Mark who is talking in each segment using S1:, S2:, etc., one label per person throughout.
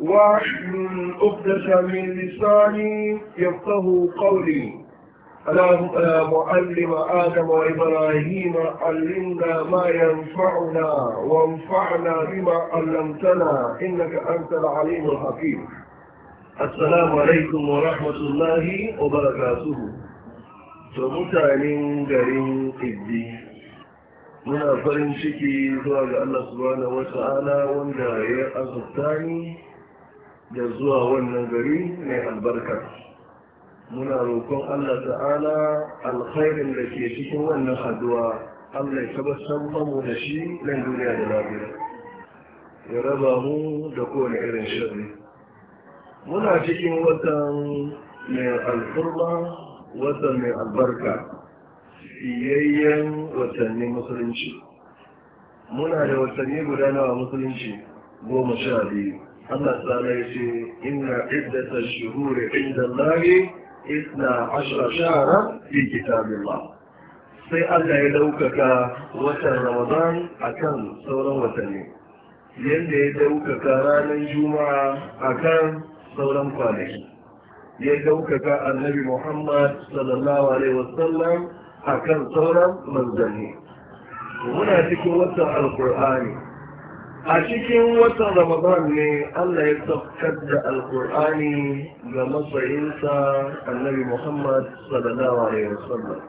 S1: ومن عقدة من لساني يفقه قولي اللهم يا معلم آدم وإبراهيم علمنا ما ينفعنا وانفعنا بما علمتنا إنك أنت العليم الحكيم السلام عليكم ورحمة الله وبركاته فمتعلم قريم قدي من أفرم شكي الله سبحانه وتعالى وانجا يا أغفتاني da zuwa wannan gari mai albarkar muna roƙon Allah ta'ala alkhairin da ke cikin wannan haduwa Allah ya tabbatar mu da shi nan duniya da lafiya ya raba mu da kowane irin shirri muna cikin watan mai alfurma watan mai albarka fiyayyen watanni musulunci muna da watanni guda nawa musulunci goma sha biyu Allah ta'ala ya ce inna iddata shuhuri inda Allahi isna ashra shahara fi kitabillah sai Allah ya ɗaukaka watan Ramadan kan sauran watanni yadda ya ɗaukaka ranar Juma'a kan sauran kwanaki ya daukaka annabi Muhammad sallallahu alaihi wasallam kan sauran manzanni muna cikin watan alkur'ani أشكين وطن رمضان ني الله يكتب القرآن لما صينسى النبي محمد صلى الله عليه وسلم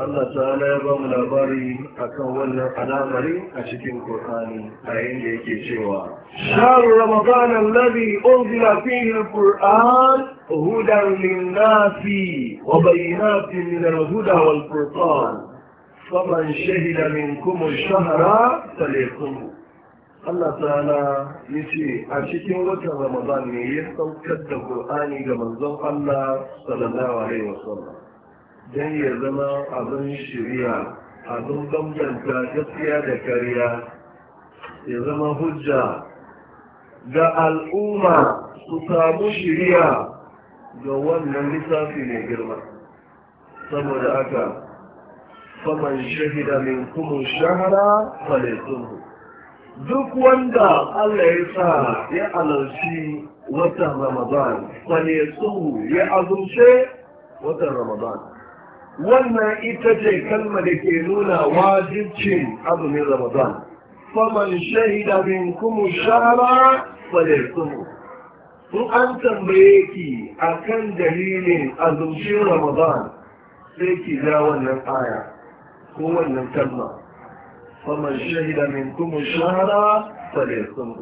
S1: الله تعالى يبام لباري أكون على مري أشكين القرآن أين يكي شوى شهر رمضان الذي أنزل فيه القرآن هدى للناس وبينات من الهدى والفرقان فمن شهد منكم الشهر فليقوموا Allah ta'ala ya ce a cikin watan Ramadan ne ya saukar da Kur'ani ga manzon Allah sallallahu alaihi Sallam. dan ya zama abin shari'a abin bambanta gaskiya da kariya ya zama hujja ga al'umma su samu shari'a ga wannan lissafi mai girma saboda aka faman shahida min kuma shahara falaituhu duk wanda Allah ya sa ya alarci watan Ramadan fane su ya azumce watan Ramadan wannan ita ce kalma da ke nuna wajibcin azumin Ramadan faman shahida min kuma shahara fane su in an tambaye ki akan dalilin azumcin Ramadan sai ki ga wannan aya ko wannan kalma faman shahida minkum shahara falyasum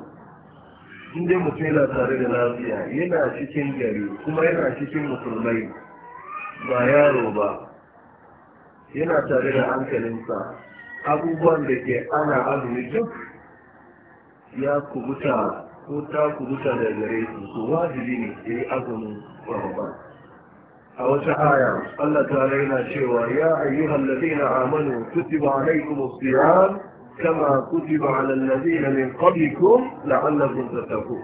S1: in mutum yana tare da lafiya yana cikin gari kuma yana cikin musulmai ba yaro ba yana tare da hankalinsa abubuwan da ke ana azumi duk ya kubuta ko ta kubuta da gare su wajibi ne ya yi azumin ramadan a wata aya Allah ta raina cewa ya ayyuhal ladina amanu kutiba alaykum as-siyam kama kutiba alal ladina min qablikum la'allakum tattaqun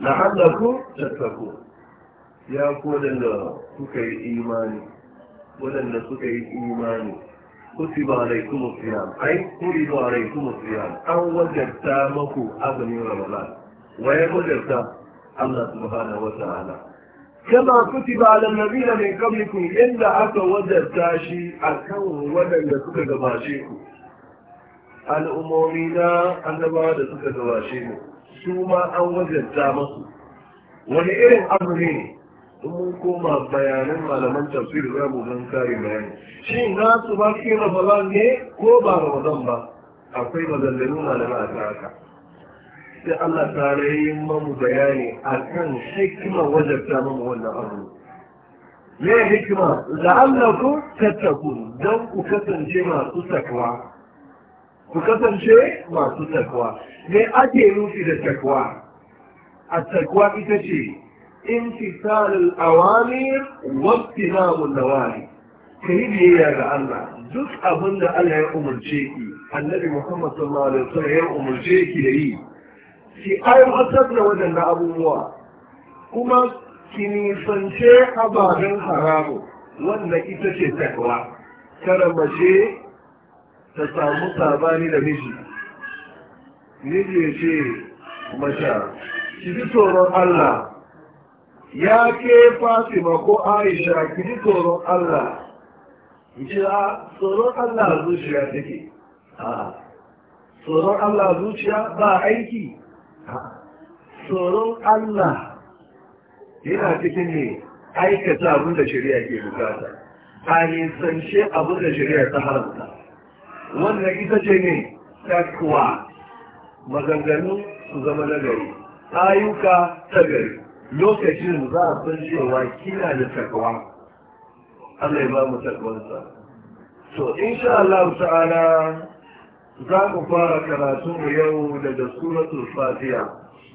S1: la'allakum tattaqun ya ku wadanda kuka yi imani wadanda suka yi imani kutiba alaykum as-siyam ay kutiba alaykum as-siyam aw wajadta maku azmi ramadan wa yajadta Allah subhanahu wata ta'ala كما كتب على النبينا من قبلكم إلا أكا ودد تاشي أكو ودد لسكة قباشيكم al'umomina annabawa da suka gabashe mu su ma an wajenta masu wani irin abu ne in mun koma bayanan malaman tafsir za mu zan kare bayani shi na su ne ko ba ramadan ba akwai mazallanu malama a ta haka sai Allah tare yi mamu bayani akan hikima wajarta mamu wannan abu. Me hikima, la'allaku tattaku don ku kasance masu takwa. Ku kasance masu takwa, nufi da takwa? A takwa ita ce, in fitarar awamir wabti namun nawari. Ka yi ga Allah, duk abin da Allah ya umarce ki, annabi Muhammad sallallahu alaihi wasallam ya umarce ki da yi. ki aiwatar da waɗannan abubuwa kuma ki nisance ababen haramu wanda ita ce takwa kada mace ta samu sabani da miji miji ya ce mata ki ji tsoron Allah ya ke Fatima ko Aisha ki ji tsoron Allah jira ah, tsoron Allah zuciya take a tsoron Allah zuciya ba aiki tsoron Allah yana cikin ne aikata abin da shari'a ke bukata a nisanshe abin da shari'a ta haramta wannan ita ce ne takwa maganganu su zama nagari ayyuka ta gari lokacin za a san cewa kina da takwa Allah ya ba mu takwansa so insha Allah ta'ala za ku fara karatu yau daga suratul fatiha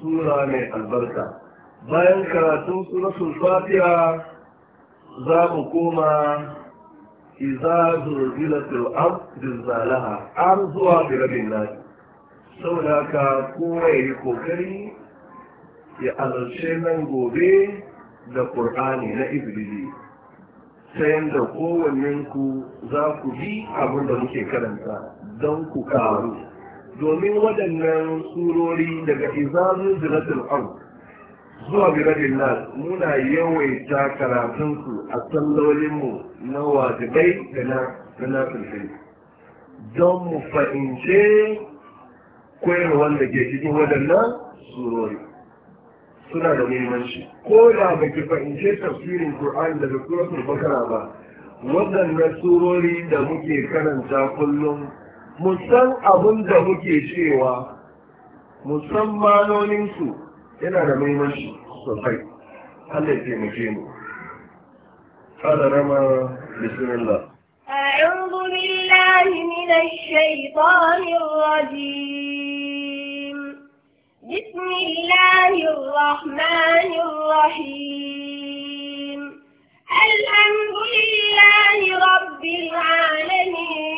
S1: sura mai albarka bayan karatun suratul fatiha za mu koma iza zurzilatul ard zalaha zuwa birabin nasi saboda ka kowa ya yi kokari ya azarce nan gobe da ƙur'ani na ibrili ta da kowanninku za ku bi abin da muke karanta don ku karu domin waɗannan surori daga izazun ziratul ard zuwa biradin nas muna yawaita karatunsu a sallolinmu na wajibai da na nafilfil don mu fahimce kwayar wanda ke cikin waɗannan surori suna da muhimmanci ko da ba ki fahimce tafsirin Qur'an daga suratul Bakara ba waɗannan surori da muke karanta kullum musan abin da muke cewa musammanoninsu yana da maimashi sosai Allah ya taimake mu kada rama bismillah
S2: أعوذ بالله من الشيطان الرجيم بسم الله الرحمن الرحيم الحمد لله رب العالمين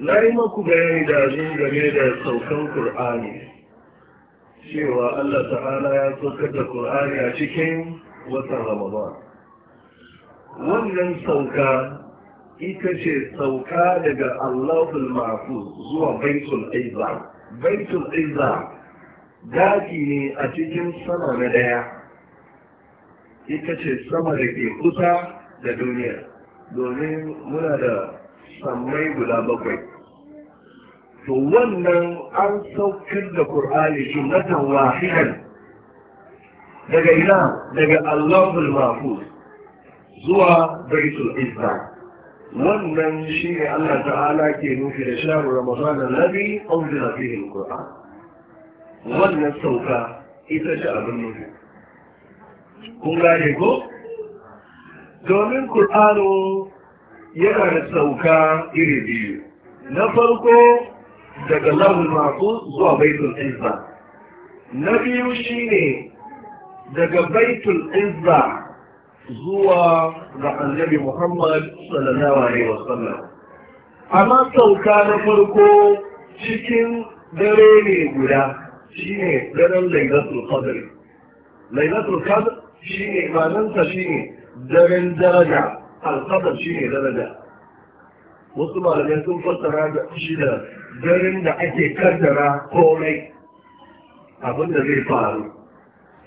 S1: na yi maku bayani da zo game da saukan ƙur'ani cewa Allah ta'ala ya saukar da ƙur'ani a cikin watan ramadan wannan sauka ita ce sauka daga allahul mafu zuwa baitul aiza baitul aiza daki ne a cikin sama na daya ita ce sama da ke kusa da duniya domin muna da sammai guda bakwai to wannan an saukar da ƙur'ani jumlatan wahidan daga ina daga allahul mafus zuwa baitul izza wannan shi ne allah ta'ala ke nufi da sharu ramadan annabi unzila fihi alquran wannan sauka ita ce abin nufi kun gane ko domin qur'ano yana da sauka iri biyu na farko daga lahul masu zuwa baitul izza na biyu shi ne daga baitul izza zuwa ga annabi muhammad sallallahu alaihi wasallam amma sauka na farko cikin dare ne guda shi ne daren lailatul qadr lailatul qadr shine imanansa shine daren daraja al-qadr ne daraja wasu malamai sun fassara da shi da garin da ake kaddara komai abin zai faru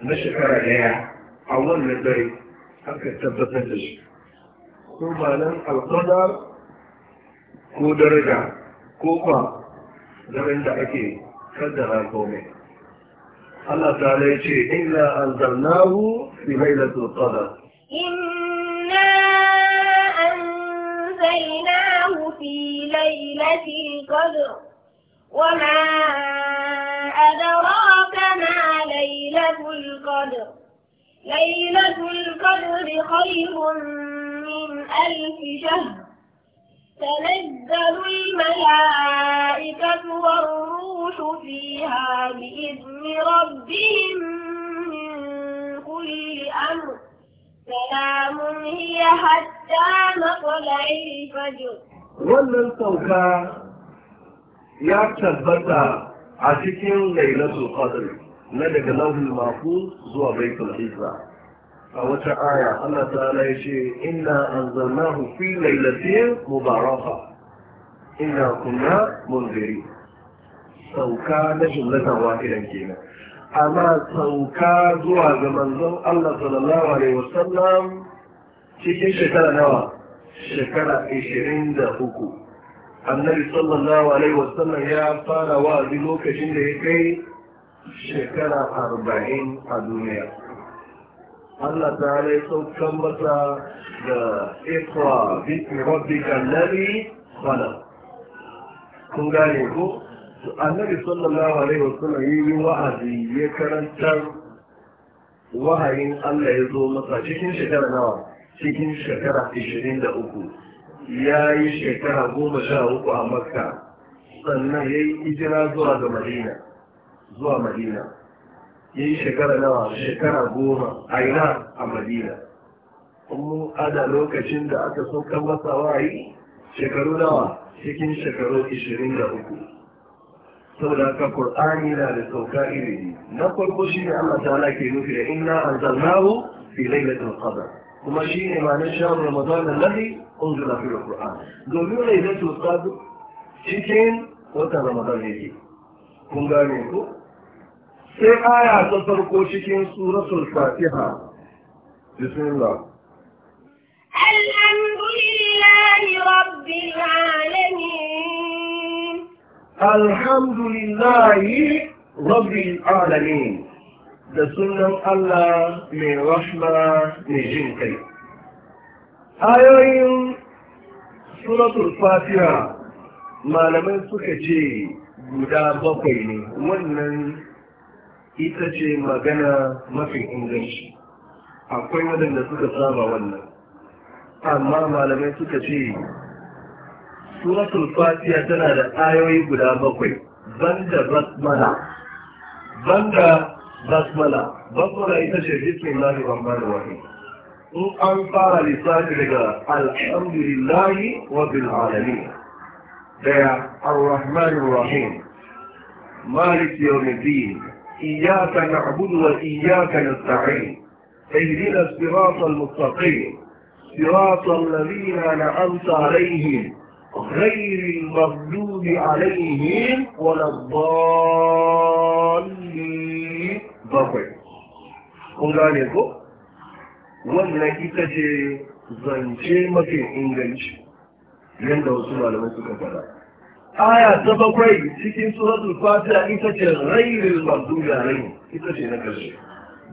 S1: na shekara daya a wannan dare aka tabbatar da shi ko malan alƙadar ko daraja ko kwa garin da ake kaddara komai Allah ta ce an zarnahu fi lailatul qadr
S2: في ليلة القدر وما أدراك ما ليلة القدر
S1: ليلة
S2: القدر خير من ألف شهر تنزل الملائكة والروح فيها بإذن ربهم من كل أمر سلام هي حتى مطلع الفجر
S1: wannan sauka ya tabbata a cikin lailatul qadr na daga lauhul mahfuz zuwa baitul izza a wata aya Allah ta'ala ya ce inna anzalnahu fi lailatin mubaraka inna kunna munziri sauka na jumlatan wahidan kenan amma sauka zuwa ga manzon Allah sallallahu alaihi wasallam cikin shekara nawa shekara 23 annabi sallallahu alaihi wasallam ya fara wa'azi lokacin da ya kai shekara arba'in a duniya Allah ta halaye saukan masa da ikwa rabbi kan alladhi khalaq kun gane ko annabi sallallahu alaihi wasallam yi wa'azi ya karantar wahayin Allah ya zo masa cikin shekara nawa cikin shekara 23 ya yi shekara 13 a makka sannan ya yi ijira zuwa ga madina zuwa madina ya yi shekara nawa shekara goma a ina a madina kuma ada lokacin da aka so kan masa wayi shekaru nawa cikin shekaru 23 saboda ka qur'ani na da sauka iri na farko shi ne Allah ta'ala ke nufi da inna anzalnahu fi lailatul qadr kuma shi ne ma na shan ramadan alladhi unzila fil qur'an domin da lailatul qadr cikin watan ramadan ke kun gane ko sai aya ta farko cikin suratul fatiha bismillah
S2: الحمد لله رب العالمين
S1: الحمد لله رب العالمين da sunan Allah mai rahma mai jin kai. Ayoyin suratul fatiha malamai suka ce guda bakwai ne wannan ita ce magana mafi inganci. Akwai waɗanda suka saba wannan, amma malamai suka ce suratul fatiha tana da ayoyi guda bakwai banda basmala banda بسملا بسملا اذا شهدت الله الرحمن الرحيم ان قال لصاحبك الحمد لله وبالعالمين يا الرحمن الرحيم مالك يوم الدين اياك نعبد واياك نستعين اهدنا الصراط المستقيم صراط الذين انعمت عليهم غير المغلوب عليهم ولا الضالين bakwai kun gane ko wannan ita ce zance mafi inganci yadda wasu malamai suka fara aya ta bakwai cikin suratul fatiha ita ce rairin masu yare ita ce na karshe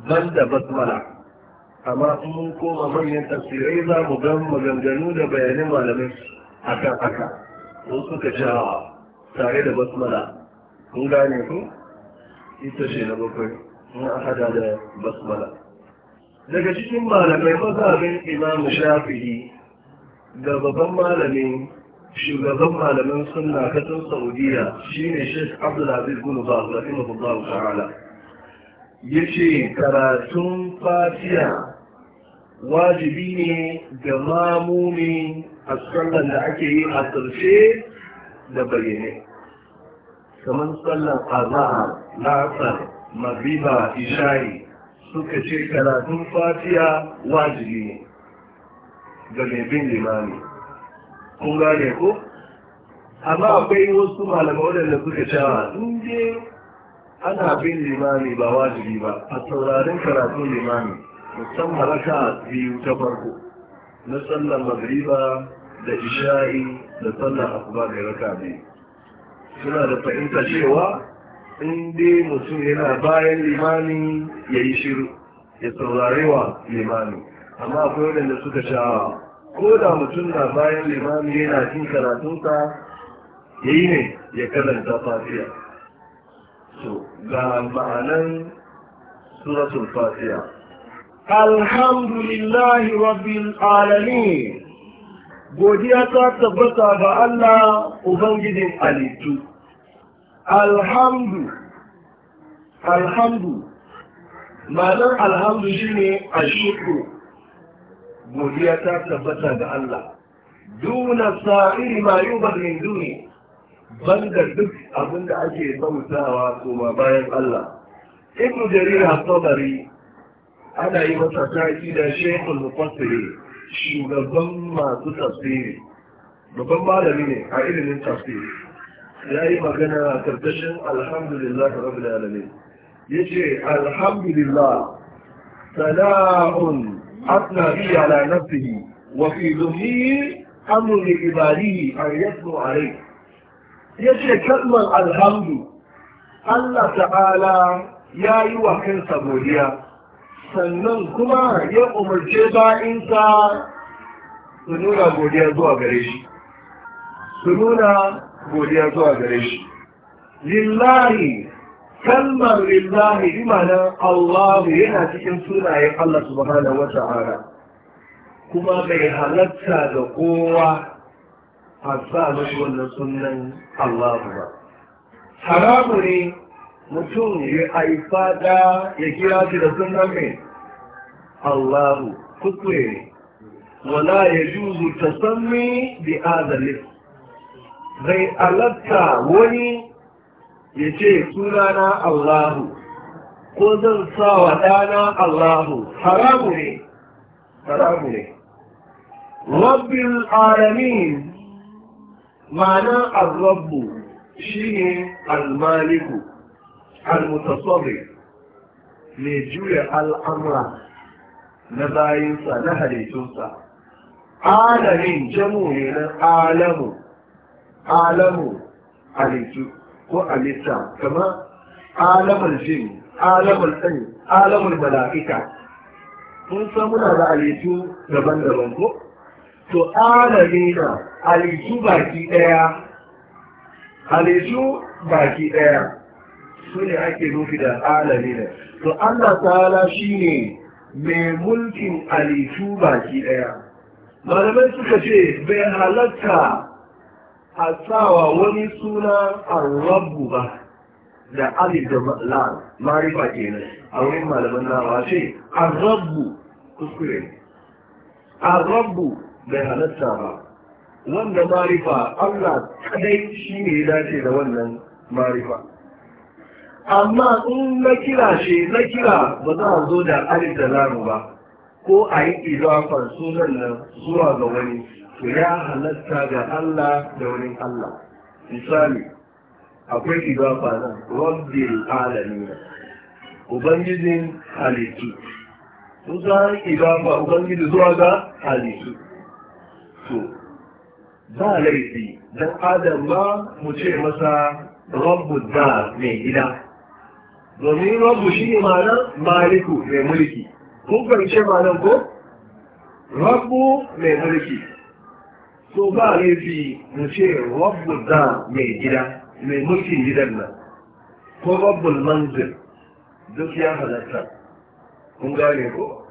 S1: ban da basmala amma in mun koma manyan tafsirai za mu gan maganganu da bayanin malamai kan haka sun suka sha tare da basmala kun gane ku ita ce na bakwai na hada da basmala daga cikin malamai mazhabin Imam shafi'i da babban malamin shugaban malamin sunna kasar saudiya shine sheikh abdulaziz bin baz rahimahullah Ya ce karatun Fatiya wajibi ne ga mamumi a sallan da ake yi a tsarshe da bayyane kamar sallan azahar na asar magriba isha'i suka ce karatun fatiya wajibi ne ga bin kun gane ko amma akwai wasu malamai waɗanda suka cewa ah, in je ana bin limani ba wajibi ba a sauraron karatun limani, musamman raka biyu ta farko na sallar magriba da isha'i da sallar asuba da raka biyu suna da fahimta cewa Inda mutum yana bayan limani ya yi shiru ya saurare wa limani amma akwai waɗanda suka shawa ko da mutum na bayan limani yana cin karatunsa ya yi ne ya kazanta fasiya so ga ma'anan suratun fasiya alhamdulillahi rabbil alami, godiya ta tabbata ga Allah ubangijin alitu alhamdu alhamdu ma'anar alhamdu shine ashukru godiya ta tabbata ga Allah duna sa'iri ma yi min duni banda duk abinda ake bautawa kuma bayan Allah ibnu jarir sabari, tabari ana yi masa taki da shaykhul mufassiri shugaban masu tafsiri babban malami ne a ilimin tafsiri ya yi magana a karkashin alhamdulillah ta rabu da alamai ya ce alhamdulillah sana'un asna ala nafsihi wa fi zumi amru li ibadihi an ya ce kalmar alhamdu Allah ta'ala ya yi wa kansa godiya sannan kuma ya umarce bayinsa su nuna godiya zuwa gare shi su nuna godiya zuwa gare shi lillahi kalmar lillahi imana allahu Allah yana cikin sunayen Allah subhanahu wa ta'ala kuma bai halatta da kowa a sa mashi wannan sunan Allah ba haramu ne mutum ya haifa da ya kira shi da sunan mai Allahu kuskure ne wala ya juzu tasammi bi Zai alatta wani ya ce sunana Allahu ko zan sa wa ɗana Allahu haramu ne haramu ne rabbin alamin al-rabbu shine al-maliku al mai juya al'amura na bayinsa na halittunsa alamin jamu ne na alamu alamu halittu ko halitta kama alamar jin alamar sani alamar mala'ika mun san muna da halittu daban-daban ko to alami na halittu baki ɗaya halittu baki ɗaya su ne ake nufi da alami na to Allah ta'ala shi ne mai mulkin halittu baki ɗaya malamai suka ce bai halatta a sawa wani suna arrabu ba da alif da la marifa kenan a wurin malaman nawa ce arrabu kuskure arrabu bai halatta ba wanda marifa allah kadai shi ne ya dace da wannan marifa amma in na kira shi na kira ba za a zo da alif da lamu ba ko a yi idafar sunan nan zuwa ga wani ya halatta ga Allah da wani Allah misali akwai idafa nan rabbil alamin ubangijin halittu sun san idafa ubangiji zuwa ga halittu to ba laifi don adam ba mu ce masa rabbu da mai gida domin rabbu shi ne ma'ana maliku mai mulki kun kwanci ma'anar ko rabbu mai mulki so ba laifi mu ce rabbul da mai gida mai mulkin gidan nan ko rabbul manzil duk ya halatta kun gane ko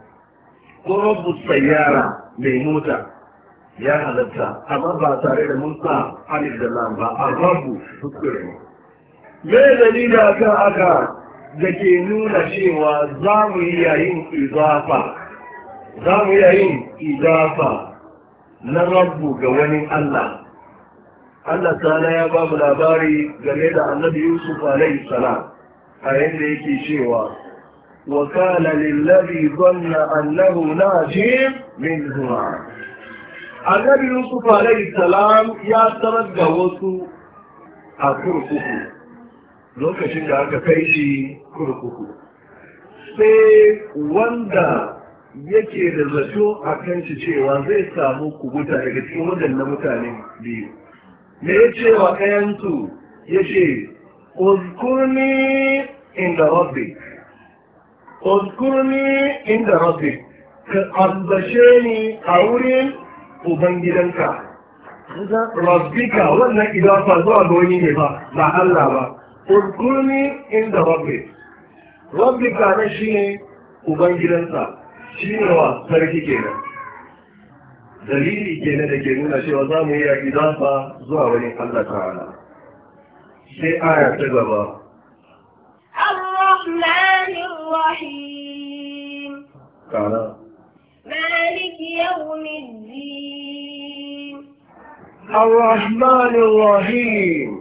S1: ko rabbul sayyara mai mota ya halatta amma ba tare da mun sa alif da nan ba a rabu fuskure ne me dalila akan aka da ke nuna cewa za mu yi yayin izafa za mu yi yayin izafa na rabu ga wani Allah Allah Sani ya ba mu labari game da annabi Yusuf alaihi salam a yadda yake cewa wa kana lillazi dhanna annahu najib min huma annabi Yusuf alaihi salam ya tarar da wasu a kurkuku lokacin da aka kai shi kurkuku sai wanda yake da zato a kan shi cewa zai samu kubuta daga cikin waɗannan mutane biyu me ya ce wa ɗayansu ya ce uzkurni inda rabbi uzkurni inda rabbi ka ambace ni a wurin ubangidanka rabbika wannan idafa zuwa ga wani ne ba ba Allah ba uzkurni inda rabbi rabbika na shi ne ubangidansa shi ne wa sarki kenan dalili kenan da ke nuna cewa za mu iya idafa zuwa wani Allah ta'ala sai aya ta gaba
S2: الرحمن الرحيم تعالى مالك يوم الدين
S1: الرحمن الرحيم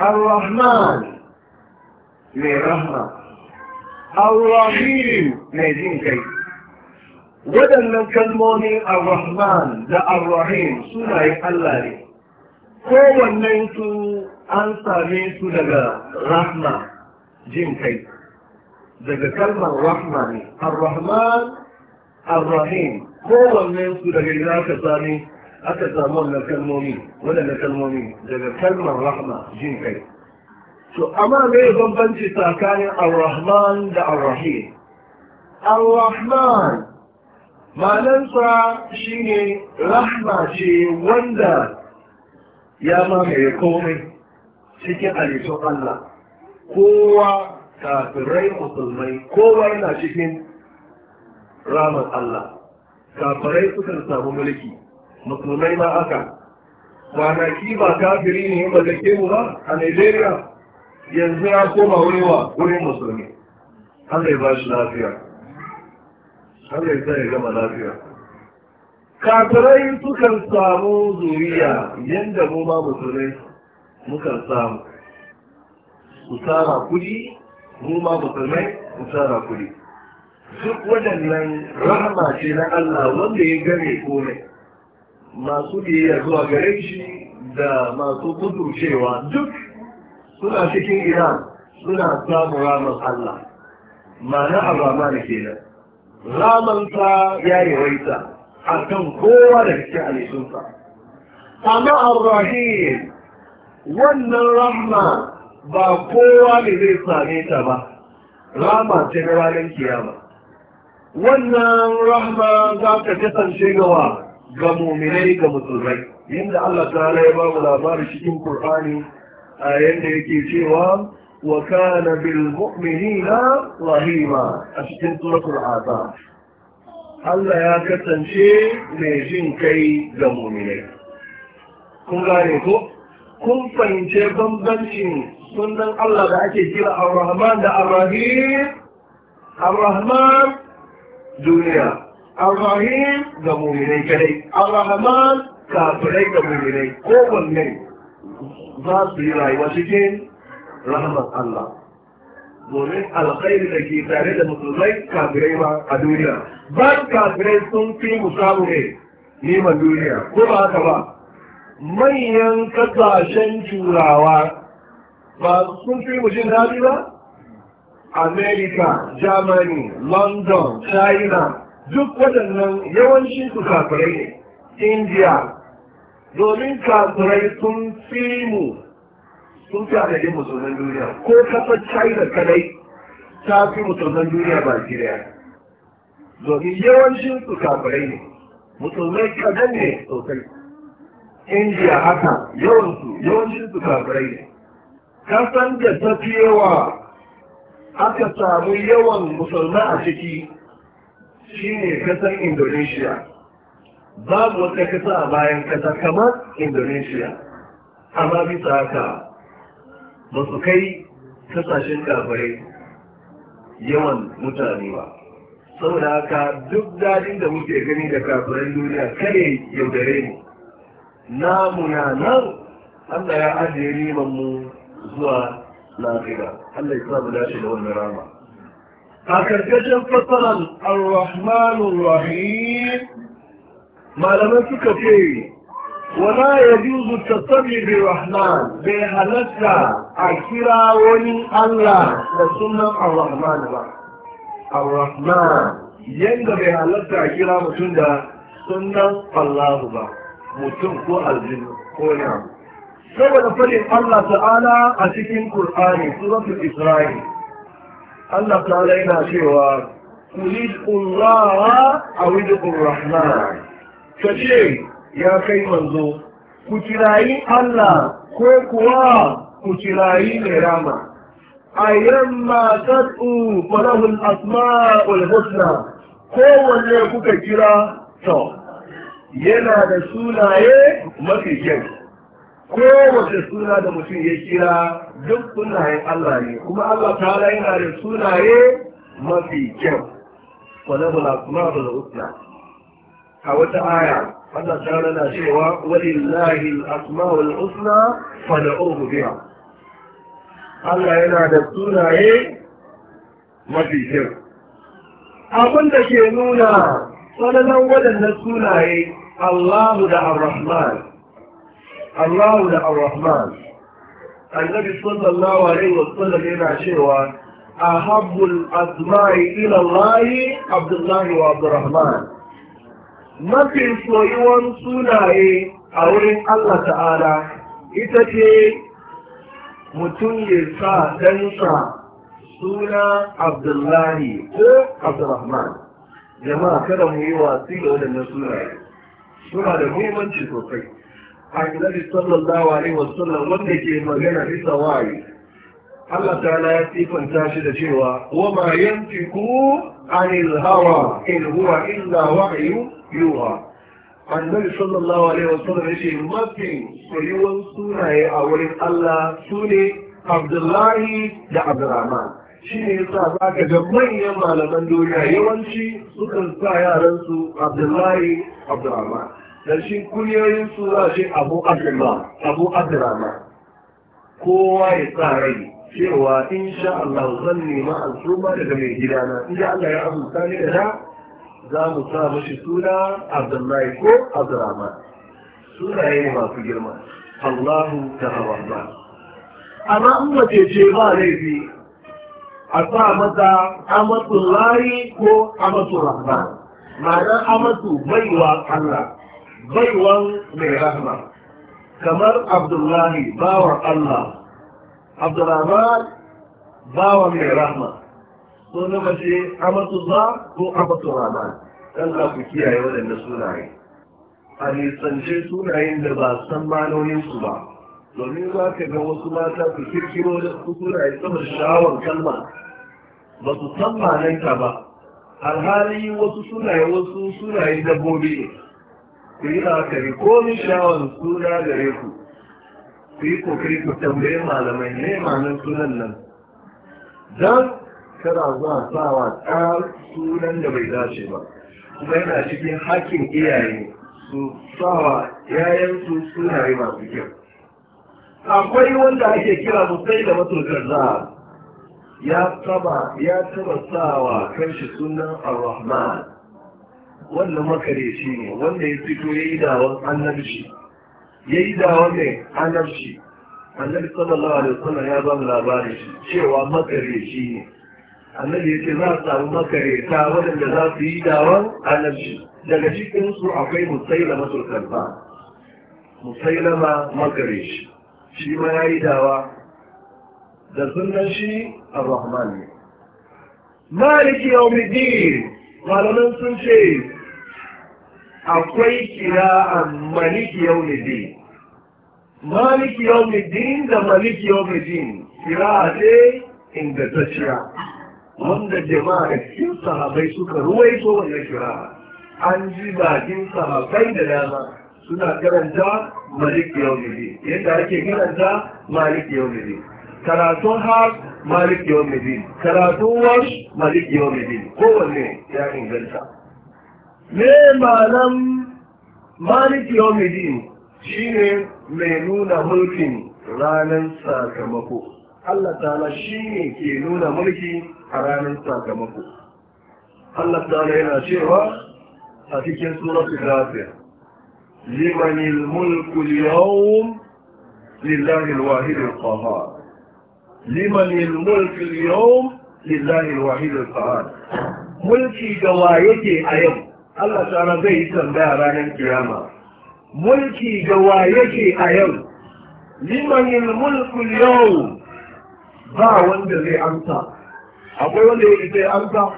S1: الرحمن لرحمه ar mai jin kai. Waɗannan kalmomin Ar-Rahman da Arahim suna yi Allah ne. Kowannen su an same su daga Rahma jin kai. Daga kalmar Rahma ne. Ar-Rahman, ar Kowannen su daga ina aka same aka samu wannan waɗannan kalmomi daga kalmar Rahma jin kai. to amma me bambanci tsakanin ar-rahman da ar-rahim ar-rahman malansa shine rahma ce wanda ya mamaye komai cikin halittun Allah kowa kafirai musulmai kowa yana cikin ramar Allah kafirai sukan samu mulki musulmai ma aka kwanaki ba kafiri ne ba da mu ba a Nigeria yanzu ya koma wuri wa wurin musulmi Allah ya ba shi lafiya Allah zai ya gama lafiya kafirai sukan samu zuriya yadda mu ma musulmi mukan samu su tara kudi mu ma musulmi su tara kudi duk waɗannan rahama ce na Allah wanda ya gane komai masu biyayya zuwa gare shi da masu cewa duk suna cikin iran suna samun ramar Allah mana abama kenan ramansa ya yi waita a kan kowa da cikin alisunsa amma arrahim wannan rahma ba kowa ne zai same ta ba rama ce na ranar kiyama wannan rahma za ta kasance gawa ga muminai ga musulmai yadda Allah ta ya ba mu labarin cikin Kur'ani a yadda yake cewa wa kana bil mu'minina rahima a cikin suratul azab Allah ya kasance mai jin kai ga mu'minai kun gane ko kun fahimce bambancin sunan Allah da ake kira Ar-Rahman da Ar-Rahim Ar-Rahman duniya Ar-Rahim ga mu'minai kadai Ar-Rahman kafirai ga mu'minai kowanne za su yi rayuwa cikin rahmar Allah domin alkhairi da ke tare da musulmai kafirai ba a duniya ba kafirai sun fi samu ne neman duniya ko ba haka ba manyan kasashen turawa ba sun fi mu jin daɗi ba america germany london china duk waɗannan yawanci su kafirai ne india domin kafirai sun fi mu sun fi adadin musulman duniya ko kasa china kadai ta fi musulman duniya ba daya domin yawancin su kafirai ne musulmai kadan ne sosai indiya haka yawansu yawancin su kafirai ne kasan da ta fi yawa aka samu yawan musulman a ciki shine kasan indonesia babu wata kasa a bayan kasa kamar indonesia amma bisa haka ba su kai kasashen kafirai yawan mutane ba saboda haka duk daɗin da muke gani da kafirai duniya kare yaudare ne namu na nan Allah ya ajiye riman mu zuwa lafiya Allah ya sa mu dace da wani rama a karkashin fasaran ar rahim malamai suka ce wala ya juzu tasabi bi rahman bai halatta a kira wani Allah da sunan ar-rahman ba ar-rahman yanda bai halatta a kira mutum da sunan Allah ba mutum ko aljin ko ya saboda fadin Allah ta'ala a cikin Qur'ani suratul Isra'i Allah ta'ala yana cewa kulid Allah a wujud rahman Ta ce ya kai manzo ku kirayi Allah ko kuwa ku kirayi mai rama a yamma tad'u falahul asma'ul husna kowanne kuka kira to yana da sunaye mafi kyau kowace suna da mutum ya kira duk sunayen Allah ne kuma Allah ta yana da sunaye mafi kyau هذا آية الله تعالى لا شيء ولله الأسماء الحسنى فادعوه بها الله هنا دكتور أي ما في شيء أقول لك يا نونا فلنا ولد الله دع الرحمن الله دع الرحمن النبي صلى الله عليه وسلم هنا شيء أحب الأسماء إلى الله عبد الله وعبد الرحمن mafi soyuwan sunaye a wurin Allah ta'ala ita ce mutum ya sa ɗansa suna Abdullahi ko Abdurrahman jama'a kada mu yi watsi da waɗannan sunaye suna da muhimmanci sosai a gidabi ne wa sallar wanda ke magana bisa wayi Allah ta'ala ya sifanta shi da cewa wa ma yantiku anil hawa in huwa illa wahyu yiwuwa annabi sallallahu alaihi wasallam ya ce mafi soyuwan sunaye a wurin Allah su ne Abdullahi da Abdurrahman shi ne yasa za ka ga manyan malaman duniya yawanci sukan sa yaransu Abdullahi Abdurrahman dan shi kunyoyin su za ce Abu Abdullah Abu Abdurrahman kowa ya sa rai cewa insha Allah zan nema al'umma daga mai gidana in Allah ya azurta ni da za mu sa mashi suna abdullahi ko abdurrahman sunaye ne masu girma allahu da hawa amma in mace ce ba laifi a sa mata amatullahi ko amaturrahman ma'ana amatu baiwa allah baiwan mai rahma kamar abdullahi bawan allah abdurrahman bawan mai rahma sun zama amatu za ko amatul rana dan za ku kiyaye waɗanda sunaye a nisance sunayen da ba san manonin su ba domin za ka ga wasu mata ku kirkiro da su sunaye saboda shawar kalma ba su san ka ba alhali wasu sunaye wasu sunaye dabbobi ne ku yi la'akari ko ni shawar suna gare ku ku yi kokari ku tambaye malamai ne malan sunan nan dan kada za a sa wa ɗan sunan da bai dace ba kuma yana cikin hakkin iyaye su sa wa yayansu sunaye masu kyau akwai wanda ake kira musai da matukar za ya taba ya taba kan kanshi sunan ar-rahman wannan shi ne wanda ya fito ya yi dawon annabci ya yi dawon ne annabci annabi sallallahu alaihi wasallam ya ba mu labarin shi cewa shi ne annabi ya ce za a samu makareta waɗanda za su yi dawon annabi daga cikinsu akwai musailama sulkarfa musailama makare shi ma ya yi dawa da sunan shi a rahman ne maliki yawmiddin malamin sun ce akwai kira a maliki yawmiddin maliki yawmiddin da maliki kira a ce ingantacciya wanda jama'a da cikin sahabai suka ruwaito wannan kira an ji bakin sahabai da dama suna karanta malik yawmidi yadda ake karanta malik yawmidi karatun har malik yawmidi karatun wash malik yawmidi kowanne ya inganta me malam malik yawmidi shine mai nuna mulkin ranar sakamako Allah ta'ala shi ne ke nuna mulki a ranar sakamako Allah ta'ala yana cewa a cikin suratul ghafir liman al-mulku al-yawm lillahi al-wahid liman al-mulku al-yawm lillahi al mulki ga waye ke a yau Allah ta'ala zai yi tambaya ranar kiyama mulki ga waye ke a yau liman al-mulku al ba wanda zai amsa akwai wanda ya zai amsa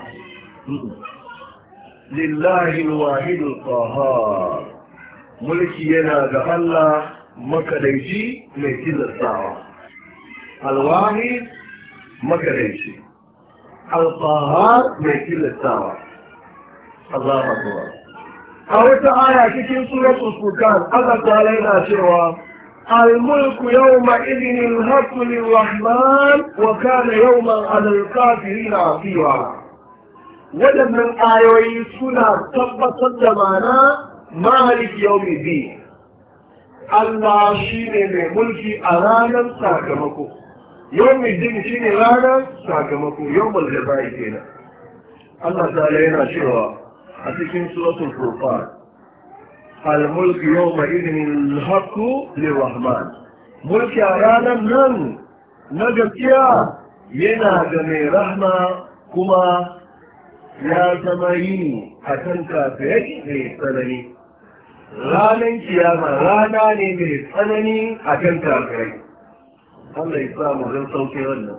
S1: lillahi wahidul mulki yana ga Allah makadaici mai kizartawa alwahid makadaici alqahar mai kizartawa Allah a wata aya cikin suratul furqan Allah ta yana cewa الملك يومئذ الحق للرحمن وكان يوما على الكافرين عصيرا waɗannan ayoyi suna tabbatar da mana mahalik yaumi bi Allah shi ne mai mulki a ranar sakamako yaumi din shi ne ranar sakamako yaumul jaza'i kenan Allah ta yana cewa a cikin suratul furqan الملك يوم إذن الحق للرحمن ملك رانا نن نجتيا ينا جمي رحمة كما يا زمي حسن كافيك في السنة ranar kiyama rana ne mai tsanani a kan kafirai Allah ya samu don sauke wannan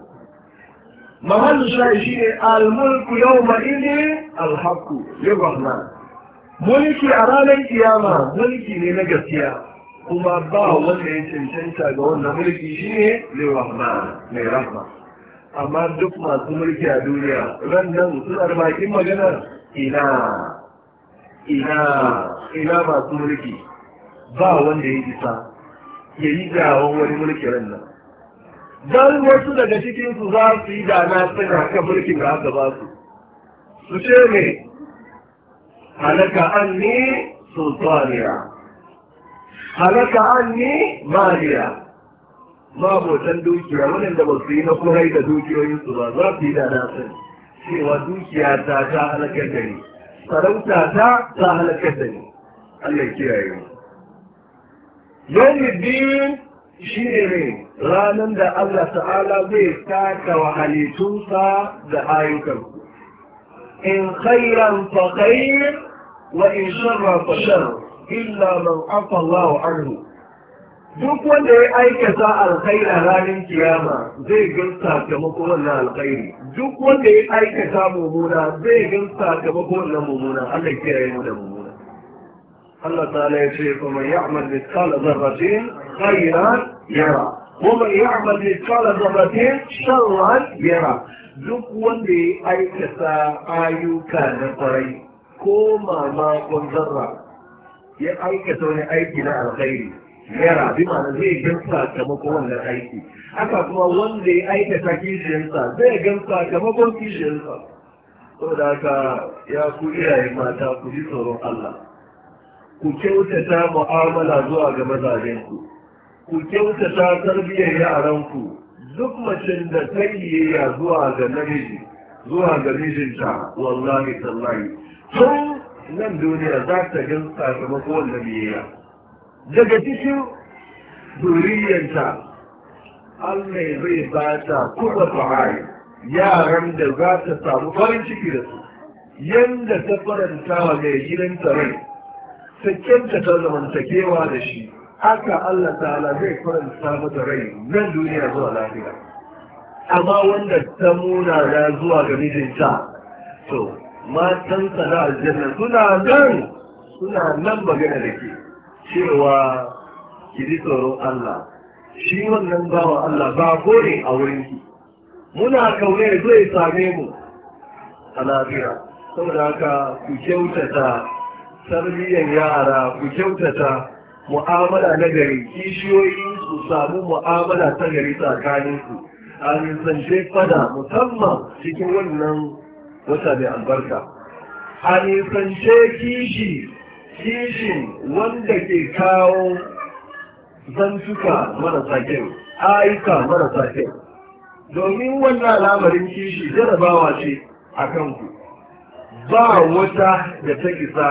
S1: mahallin shi ne almulku yau mulki a ranar kiyama mulki ne na gaskiya kuma ba wanda ya cancanta ga wannan mulki shi ne mai rahma amma duk masu mulki a duniya ran nan su arbakin magana ina ina ina masu mulki ba wanda ya isa ya yi gawon wani mulki ran nan don wasu daga cikinsu za su yi dana suna kan mulkin da aka ba su su ce ne halaka anni sultaniya halaka anni maliya mabotan dukiya waɗanda ba su yi na kurai da dukiyoyinsu ba za su yi da nasin cewa dukiya ta ta halakar da ni sarauta ta ta da ni Allah kiyaye yau din shi ne ranar da Allah ta'ala zai taka wa halittunsa da ayyukanku إن خيرا فخير وإن شرا فشر إلا من عفى الله عنه duk wanda ya aikata alkhairi a ranar kiyama zai gan sakamako wannan alkhairi duk wanda ya aikata mumuna, zai gan sakamako wannan mumuna. Allah ya kiyaye mu da mumuna. Allah ta'ala ya ce kuma ya'mal mithqala dharratin khairan yara kuma man ya'mal mithqala dharratin sharran yara duk wanda ya aikata ayyuka na kwarai ko mama zarra ya aikata wani aiki na alkhairi bi ma na zai gan sakamakon wannan aiki haka kuma wanda ya aikata kishiyarsa zai gan sakamakon kishiyarsa saboda haka ya ku iyaye mata ku ji tsoron Allah ku kyautata mu'amala zuwa ga mazajenku ku kyautata tarbiyyar yaranku duk macin da ta yi zuwa ga namiji zuwa ga mijinta wallahi tallahi tun nan duniya za ta gan sakamako wanda biyayya daga cikin duriyanta Allah zai ba ta kuma fahari yaran da za ta samu farin ciki da su yanda ta faranta wa mai gidanta rai ta ta zamantakewa da shi haka Allah ta'ala zai faranta mata rai nan duniya zuwa lafiya amma wanda ta muna ya zuwa ga mijinta to matan sana aljanna suna nan suna nan magana da ke cewa ki ji tsoron Allah shi wannan bawa Allah ba gore a wurinki muna kaune zai same mu a lafiya saboda haka ku kyautata tarbiyyar yara ku kyautata mu'amala na gari kishiyoyi su samu mu'amala ta gari su, a nisance fada musamman cikin wannan wata mai albarka a nisance kishi kishin wanda ke kawo zantuka marasa kyau aika marasa kyau domin wannan al'amarin kishi jarabawa ce a kanku ba wata da ta kisa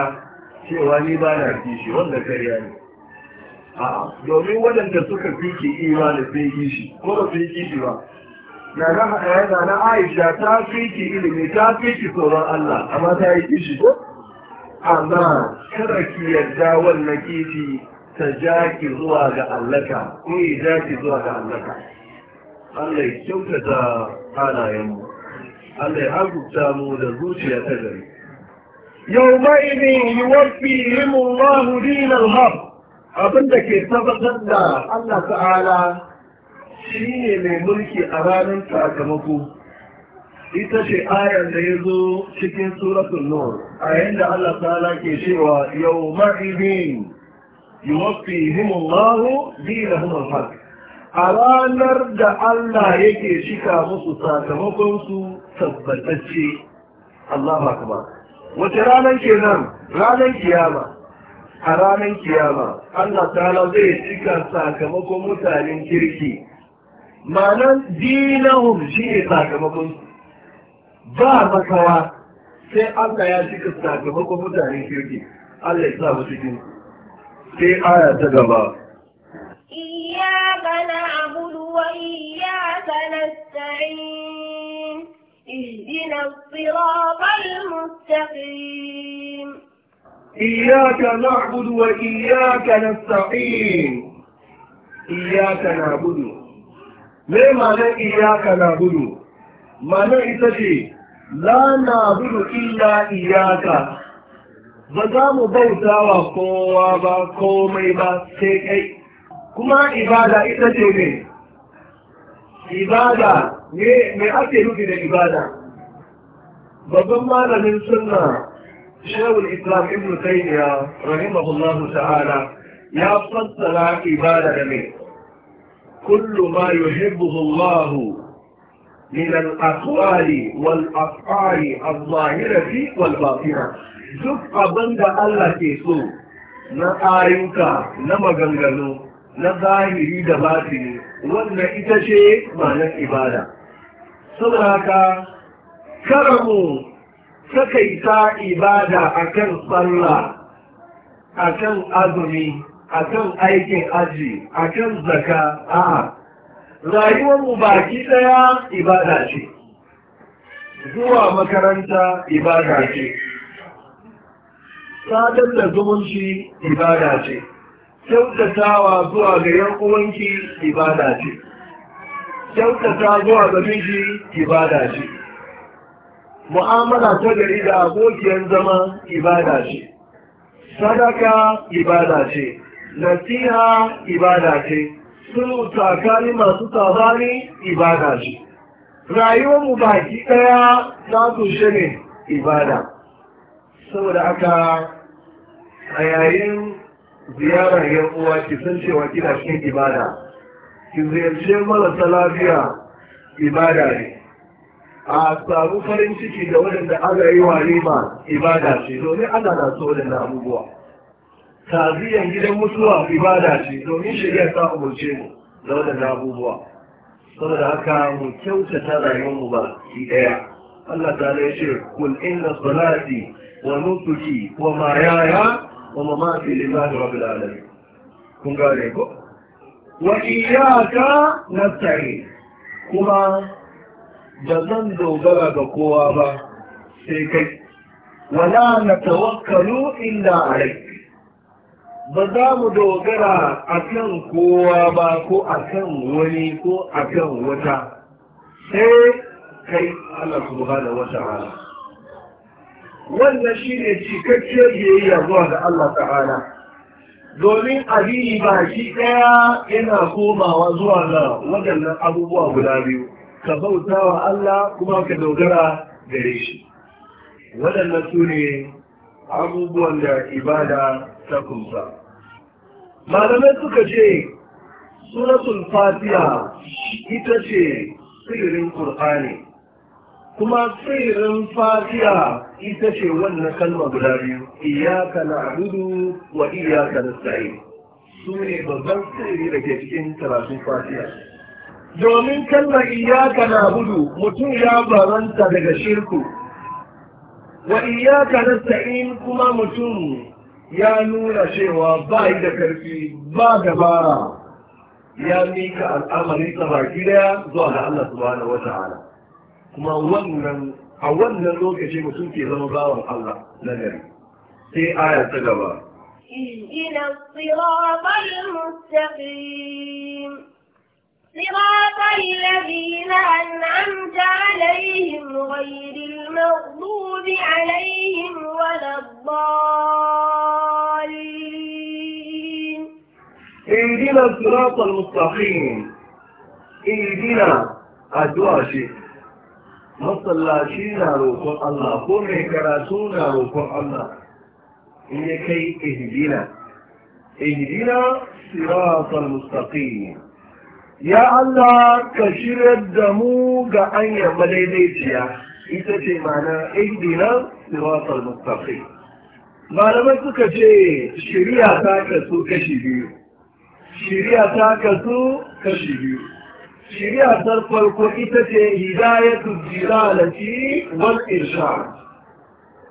S1: cewa ni ba na kishi wanda kariya ne domin waɗanda suka fi ke imanin sun yi shi ko ba sun yi shi ba na na haɗaya eh, na aisha ta fi ke ilimi ta fi ke tsoron allah amma ta yi kishi ko amma kada ki yarda wannan kifi ta ja ki zuwa ga allaka ko ya ja ki zuwa ga allaka allah ya kyautata mu. allah ya azurta mu da zuciya ta gari يومئذ يوفيهم الله دين الحق abin da ke tabbatar da Allah ta'ala shi ne mai mulki a ranar sakamako ita ce ayar da ya zo cikin suratul nur a yadda Allah ta'ala ke cewa yau ma'idin yuwafi himullahu dinahum al-haq a ranar da Allah yake shika musu sakamakonsu su tabbatacce ba akbar wace ranar kenan ranar kiyama a ranar kiyama Allah ta'ala zai cika sakamakon mutanen kirki ma'anan dinahum shi ne sakamakon ba makawa sai Allah ya cika sakamakon mutanen kirki Allah ya sa mu cikin sai aya ta gaba
S2: إياك نعبد وإياك نستعين اهدنا الصراط المستقيم
S1: إياك نعبد وإياك نستعين إياك نعبد ما معنى إياك نعبد معنى إتشي لا نعبد إلا إياك ba za mu bautawa kowa ba komai ba sai kai kuma ibada ita ce ne ibada ne mai ake nufi da ibada babban malamin suna. shawul islam ibn taymiya rahimahullahu ta'ala ya fassara ibada da ne kullu ma yuhibbuhu Allah min al-aqwali wal af'ali adh-dhahirati wal duk abin Allah ke so na ayyuka na maganganu na zahiri da batini wanda ita ce ma'anar ibada saboda haka karamu takaita ibada a kan akan a kan azumi a kan aikin aji akan zaka a rayuwarmu baki daya ibada ce zuwa makaranta ibada ce sadar da zumunci ibada ce kyautatawa zuwa ga yan uwanki ibada ce kyautata zuwa ga miji ibada ce mu'amala ta gari da abokiyar zama ibada ce sadaka ibada ce nasiha ibada ce sulhu tsakani masu tsabani ibada ce rayuwarmu baki ɗaya za su ne ibada saboda aka a yayin ziyarar yan uwa ki san cewa kina cikin ibada ki ziyarce marasa lafiya ibada ne a samu farin ciki da waɗanda aka yi wa riba ibada ce domin ana na so waɗanda abubuwa taziyan gidan mutuwa ibada ce domin shirya ta umarce mu da waɗanda abubuwa saboda haka mu kyautata rayuwar mu ba ki ɗaya Allah ta ya ce kul inna salati wa nusuki wa mayaya wa mamati lillahi rabbil alamin kun gane ko wa na nasta'in kuma ba zan dogara ga kowa ba sai kai wala na tawakkalu illa alai ba za mu dogara a kan kowa ba ko a kan wani ko a kan wata sai kai Allah subhanahu wa ta'ala wannan shi ne cikakke biyayya zuwa ga Allah ta'ala domin abin ba shi ɗaya yana komawa zuwa ga waɗannan abubuwa guda biyu ka bauta wa Allah kuma ka dogara gare shi waɗannan su ne abubuwan da ibada ta kunsa malamai suka ce suratul fatiha ita ce sirrin Kur'ani, kuma sirrin fatiya ita ce wannan kalma guda biyu iyaka na gudu wa iyaka na tsaye su ne babban sirri da ke cikin karatun fatiya domin kalmar iyaka na hudu, mutum ya baranta daga shirku wa iyaka sa'in kuma mutum ya nuna cewa ba yi da karfi ba dabara ya mika al'amari ta baki daya zuwa da Allah subhanahu Ala. kuma wannan a wannan lokaci mutum ke zama bawan Allah na gari sai aya ta gaba
S2: الصراط المستقيم صراط الذين أنعمت عليهم غير المغضوب عليهم ولا الضالين
S1: إيدينا الصراط المستقيم إيدينا أدواجه مصلى شينا روح الله قومه كراسونا روح الله إيكي إهدينا إهدينا صراط المستقيم ya Allah ka shirar da mu ga hanyar madaidaiciya ita ce mana ihdina siratal mustaqim malamai suka ce shari'a ta kasu kashi biyu shari'a ta kasu kashi biyu shari'a ta farko ita ce hidayatu jilalati wal irshad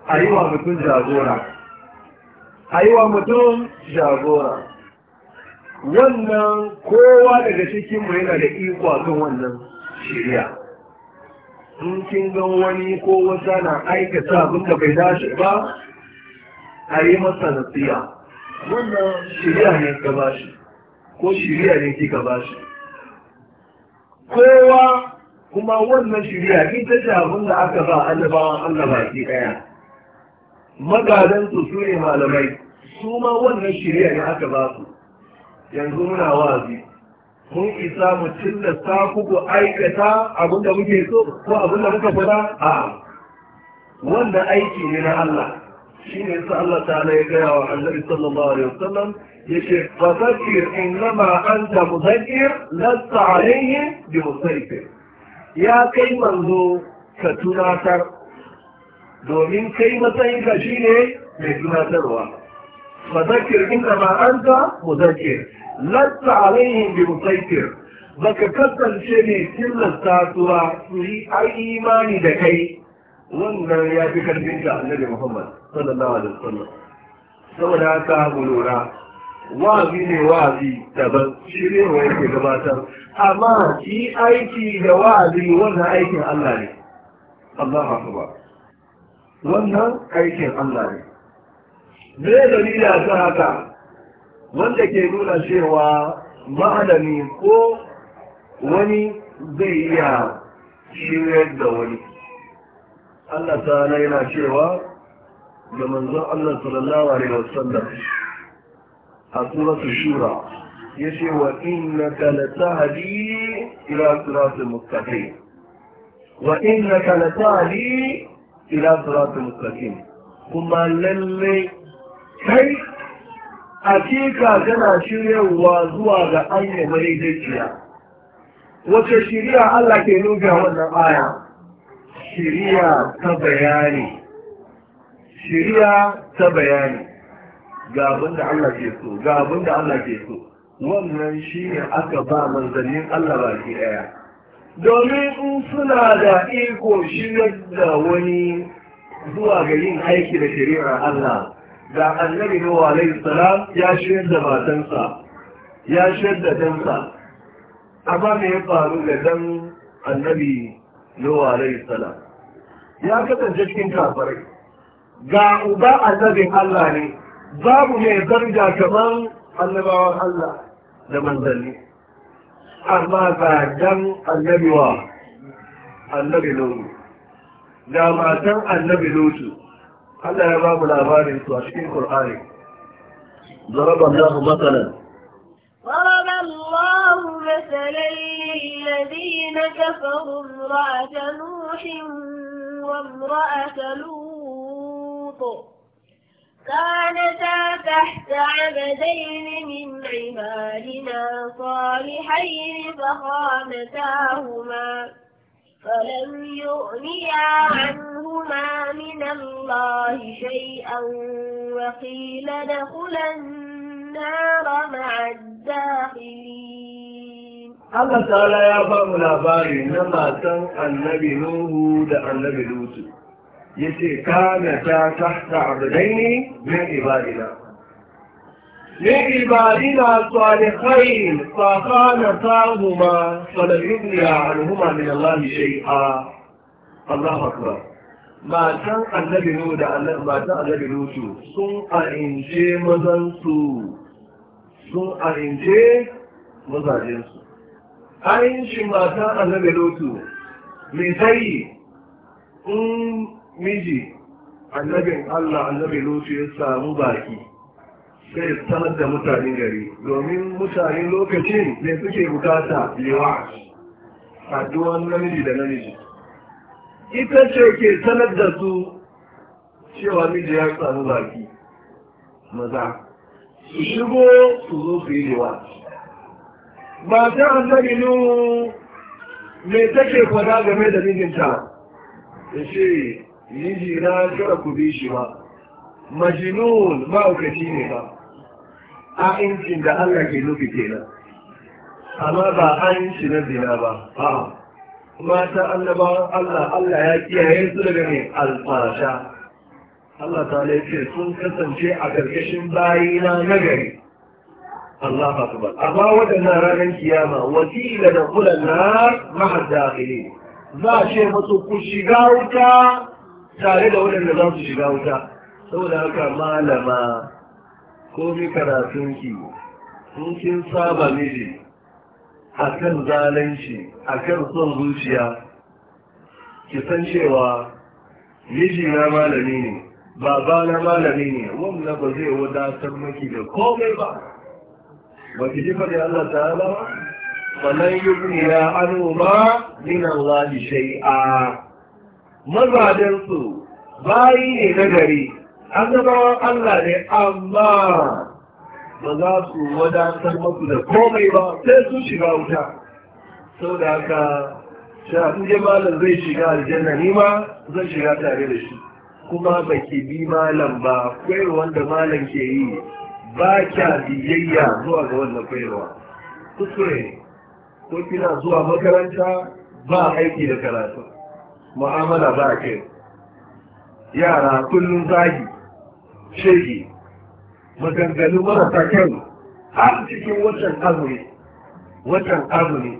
S1: ayi wa mutum jagora ayi mutum jagora wannan kowa daga cikin mu yana da iko kan wannan shirya in kin ga wani ko wata na aikata abin da bai dace ba a yi masa nasiya wannan shirya ne ka ba shi ko shirya ne kika ba shi kowa kuma wannan shirya ita ce abin da aka ba annabawan Allah baki daya magadan su su ne malamai su ma wannan shirya ne aka ba su yanzu muna wazi mun isa mu tilasta ku aikata abin da muke so ko abin da muka fada a Wanda aiki ne na Allah shi ne sa Allah ta ya gaya wa annabi sallallahu alaihi wasallam yake fasakir innama anta muzakir lasta alaihi bi musayfir ya kai manzo ka tunatar domin kai matsayin ka shine mai tunatarwa فذكر إنما أنت مذكر لست عليهم بمسيطر baka kasance ne tilasta suwa su yi imani da kai wannan yafi fi karfin ka annabi Muhammad sallallahu alaihi wasallam saboda haka mu lura wazi ne wazi daban shi ne wa yake gabatar amma shi aiki da wazi wannan aikin Allah ne Allahu akbar wannan aikin Allah ne me a ta haka wanda ke nuna cewa malami ko wani zai iya shirya da wani Allah ta yana cewa da manzon Allah sallallahu alaihi wasallam a suratu shura yace wa innaka latahdi ila siratil mustaqim wa innaka latahdi ila siratil mustaqim kuma lallai kai hakika tana shiryarwa zuwa ga mai madaidaiciya wace shirya Allah ke a wannan aya shirya ta bayani shirya ta bayani ga abin da Allah ke so ga abin da Allah ke so wannan shi ne aka ba manzannin Allah ba ke ɗaya domin in suna da iko shiryar da wani zuwa ga yin aiki da shari'ar Allah ga annabi na alaihi salam ya shirya da matansa ya shirya da dansa amma me ya faru da dan annabi na alaihi salam ya kasance cikin kafirai ga uba annabin Allah ne babu mai zarga kamar annabawan Allah da manzanni amma ga dan annabi wa annabi Nuhu da matan annabi Lutu هذا ya ba mu labarin su ضرب الله مثلا
S2: ضرب الله مثلا للذين كفروا امرأة نوح وامرأة لوط كانتا تحت عبدين من عبادنا صالحين فخانتاهما فلن يغنيا عنهما من الله شيئا وقيل دخلا النار مع الداخلين
S1: Allah ta'ala ya ba mu labari na matan annabi Nuhu da annabi Lutu yace kana ta tahta abdaini min ibadina لعبادنا صالحين فخانتاهما فلم يغني عنهما من الله شيئا الله اكبر annabi nu da matan annabi lutu sun arince mazansu sun arince mazajensu matan annabi mai tsayi in miji annabin allah annabi lotu ya samu baki sai sanar da mutane gari domin mutane lokacin ne suke bukata lewa saduwan namiji da namiji ita ce ke sanar da su cewa miji ya samu baki maza su shigo su zo su yi lewa ba ta annabi nuhu me take kwada game da mijinta ya ce miji na kira ku bi shi ba majinun ma'aukaci ne ba injin da Allah ke nufi kenan amma ba ha'inci na zina ba kuma ta annabawan Allah Allah ya kiyaye su daga mai alfarasha Allah ta ce sun kasance a ƙarƙashin bayina na gari
S2: Allah ba kubar
S1: amma waɗannan ranar kiyama wakila da kulan na mahar ne. za a ce masu ku shiga wuta tare da waɗanda za su shiga wuta saboda haka malama komi karatunki sun kin saba miji a kan zalunci a kan son zuciya ki san cewa miji na malami ne baba na malami ne wanda ba zai wadatar maki da komai ba ba ki ji faɗi Allah ta'ala ba sannan yi ya an ba min shai shai'a mazajensu bayi ne na gari annabawan Allah ne amma ba za su wadatar maku da komai ba sai su shiga wuta sau da haka shafi jamalin zai shiga aljanna ni ma zan shiga tare da shi kuma ba ke bi malam ba kwaiwa wanda malam ke yi ba kya biyayya zuwa ga wannan kwaiwa kuskure ko kina zuwa makaranta ba aiki da karatu mu'amala ba ke yara kullum zagi shege maganganu marasa kyau har cikin watan azumi watan azumi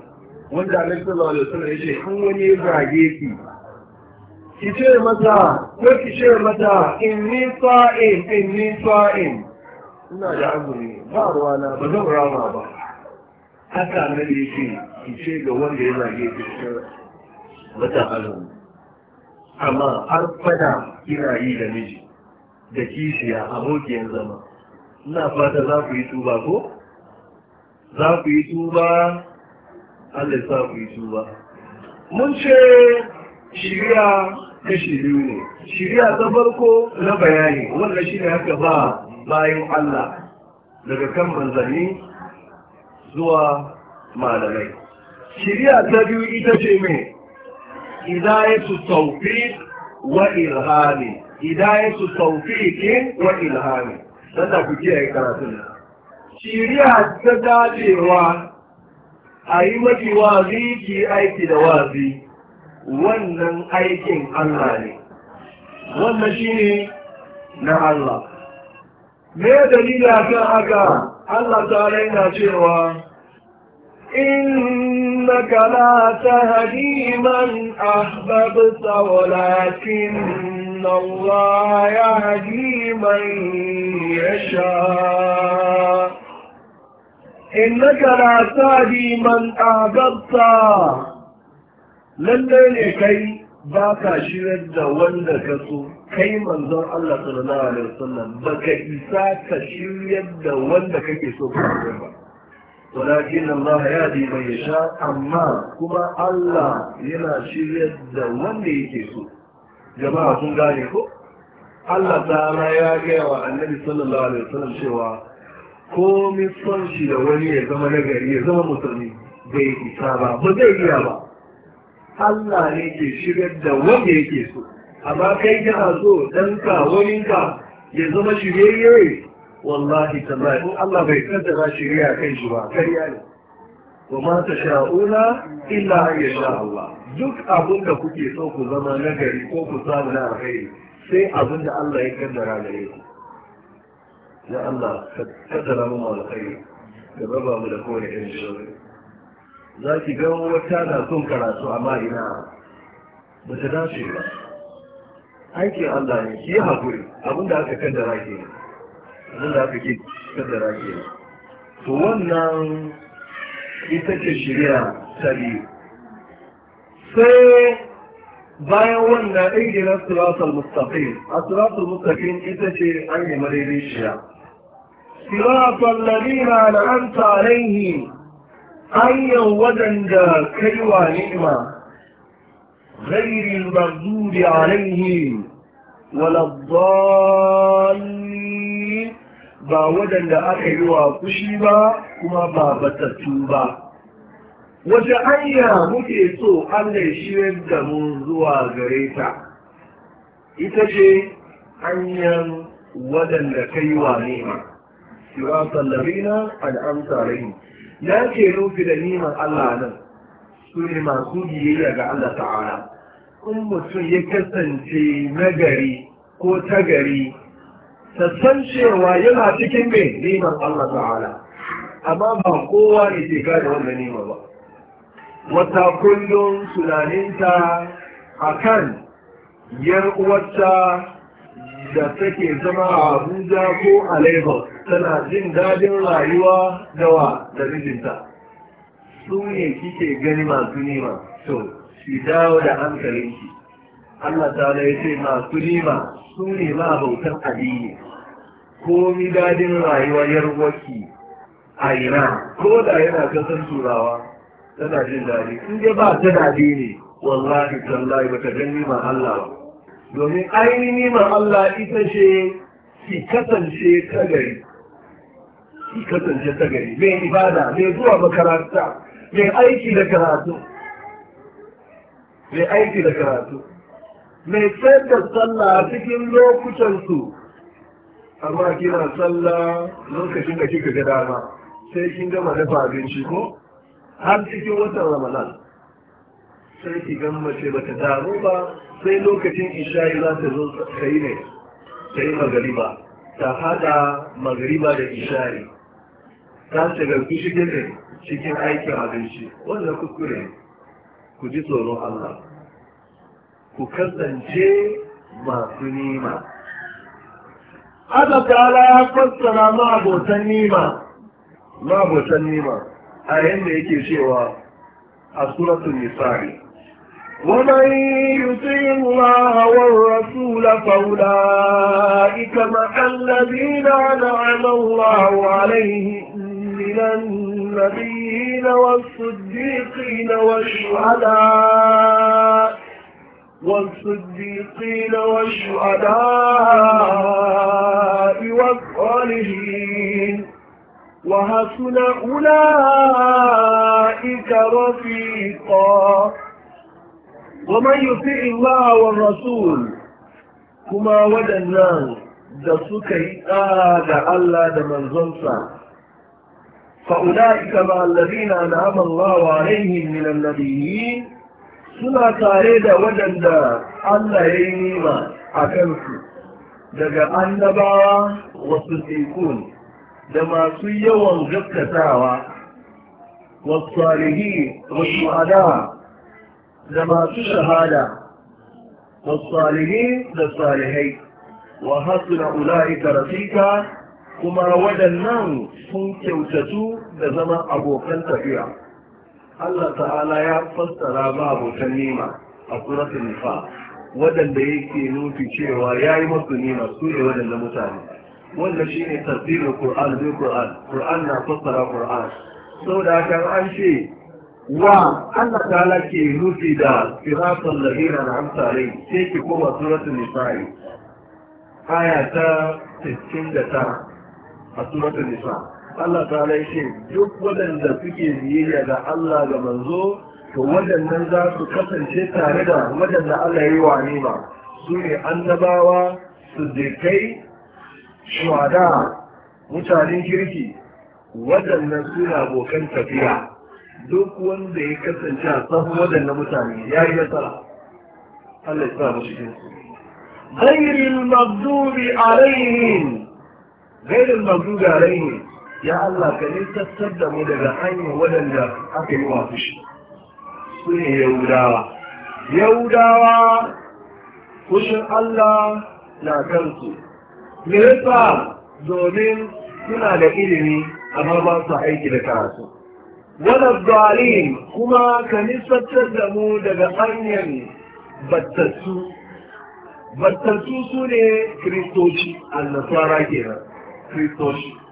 S1: wanda alaihi sallallahu suna wasallam ce, an wani zage ki ki ce mata ko ki ce mata inni in inni sa'im ina da azumi ba na, ba zan rama ba haka na da yake ki ce ga wanda ya zage ki wata azumi amma har fada kina yi da miji da kishiya abokiyar zama ina fata za ku yi tuba ko za ku yi tuba Allah sa ku yi tuba mun ce shirya ta biyu ne shirya ta farko na bayani wanda shi ne haka ba bayan Allah daga kan manzanni zuwa malamai shirya ta biyu ita ce mai su tawfiq wa ilhami su tawfiqin wa ilhami sannan ku kiyaye karatun shiriya ta dacewa a yi mafi wazi ki aiki da wazi wannan aikin Allah ne wannan shi ne na Allah me dalila kan haka Allah ta yana cewa in إنك لا تهدي من أحببت ولكن الله يهدي من يشاء إنك لا تهدي من أحببت لن يكي باكا شرد وندك كي من منظر الله صلى الله عليه وسلم بك إساك شرد وندك كي سوف ولكن الله يهدي من يشاء اما كما الله ينا شيء يدوان ليكيسو جماعة كن غانيكو الله تعالى يا جيوة النبي صلى الله عليه وسلم شوى komi son shi da wani ya zama nagari ya zama musulmi bai isa ba ba zai iya ba Allah ne ke shigar da wanda yake so amma kai kana so ka ya zama shiryayye wallahi tallahi in Allah bai kaddara shari'a kai shi ba kariya ne wa ma tasha'una illa an duk abin da kuke so ku zama nagari ko ku samu na alheri sai abin da Allah ya kaddara gare Allah da raba mu da kowane ga wata na son karatu amma ina ba ta dace ba aikin Allah ne ki yi haƙuri abinda aka kaddara ke ne abin da aka ke kaddara ke to wannan ita ce shirya ta biyu sai bayan wannan ɗingirar siratul mustaqim a siratul mustaqim ita ce an yi maririn shiya siratul ladina na an tarayhi hanyar waɗanda kaiwa ni'ima غير المغضوب عليهم ولا الضالين ba waɗanda aka yi wa fushi ba kuma ba batattu ba wace hanya muke so Allah ya shirin da mu zuwa gare ta ita ce hanyar waɗanda ka yi wa nema siwa sallabina al'amsa rai ya ke rufi da neman Allah nan su ne masu biyayya ga Allah ta'ala in mutum ya kasance nagari ko tagari ta cewa yana cikin mai neman Allah ta'ala amma ba kowa ne ke gane wannan neman ba wata kullum tunaninta a kan yar uwarta da take zama a Abuja ko a Lagos tana jin dadin rayuwa dawa da mijinta su ne kike gani masu nema to shi dawo da hankalinki Allah ta ya ce masu nema su ne ma bautan addini komi dadin rayuwa yarwaki a ina ko da yana kasan turawa tana jin daɗi in dai ba ta daɗi ne wallahi tallahi ba ta gani ma Allah ba domin ainihin ma Allah ita ce ki kasance ta gari ki kasance ta gari mai ibada mai zuwa makaranta mai aiki da karatu mai aiki da karatu mai tsayar da sallah cikin lokutansu amma kina sallah lokacin da kika ga dama sai kin gama dafa abinci ko har cikin watan ramadan sai ki gammace ba ta damu ba sai lokacin isha'i za ta zo ta yi ne ta yi magariba ta hada magariba da isha'i ta ga kushi ne cikin aikin abinci wanda kuskure ku ji tsoron allah ku kasance masu nima Allah ta'ala ya fassara ma abotan nima ma abotan nima a yadda yake cewa a ومن يطيع الله والرسول فأولئك مع الذين أنعم الله عليهم من النبيين والصديقين والشهداء والصديقين والشهداء والصالحين وحسن أولئك رفيقا ومن يطيع الله والرسول كما ودنا da suka yi ɗaya da Allah da manzonsa fa'ula'ika ba allazina na aman lawa alaihin minan nabiyyin suna tare da waɗanda Allah ya yi nima a kansu daga annabawa wasu tekun da masu yawan gaskatawa wasu alihi wasu ada da masu shahada wasu alihi da salihai wa hasuna ula'ika rafika kuma waɗannan sun kyautatu da zama abokan tafiya Allah ta'ala ya fassara ba abokan nima a suratul nifa wadanda yake nufi cewa yayi masu nima su ne wadanda mutane wannan shine tafsirin Qur'an da Qur'an Qur'an na fassara Qur'an saboda haka an ce wa Allah ta'ala ke nufi da siratal ladina an'amta alaihim sai ki koma suratul nisa'i aya ta 69 a suratul nisa!" Allah ta ce duk waɗanda suke biyayya ga Allah ga manzo to waɗannan za su kasance tare da waɗanda Allah ya yi wa nima su ne annabawa su zikai shuwada mutanen kirki waɗannan suna abokan tafiya duk wanda ya kasance a tsawon waɗannan mutane ya yi nasara Allah ya sa mu cikin su ghairil maghdubi alaihim ghairil maghdubi ya Allah ka tattar da mu daga hanyar waɗanda aka yi wa fushi su ne yahudawa yahudawa fushin Allah na kansu me yasa domin suna da ilimi a babban su aiki da karatu wadda zalim kuma ka nisantar da mu daga hanyar battattu battattu su ne kristoci annasara kenan kristoci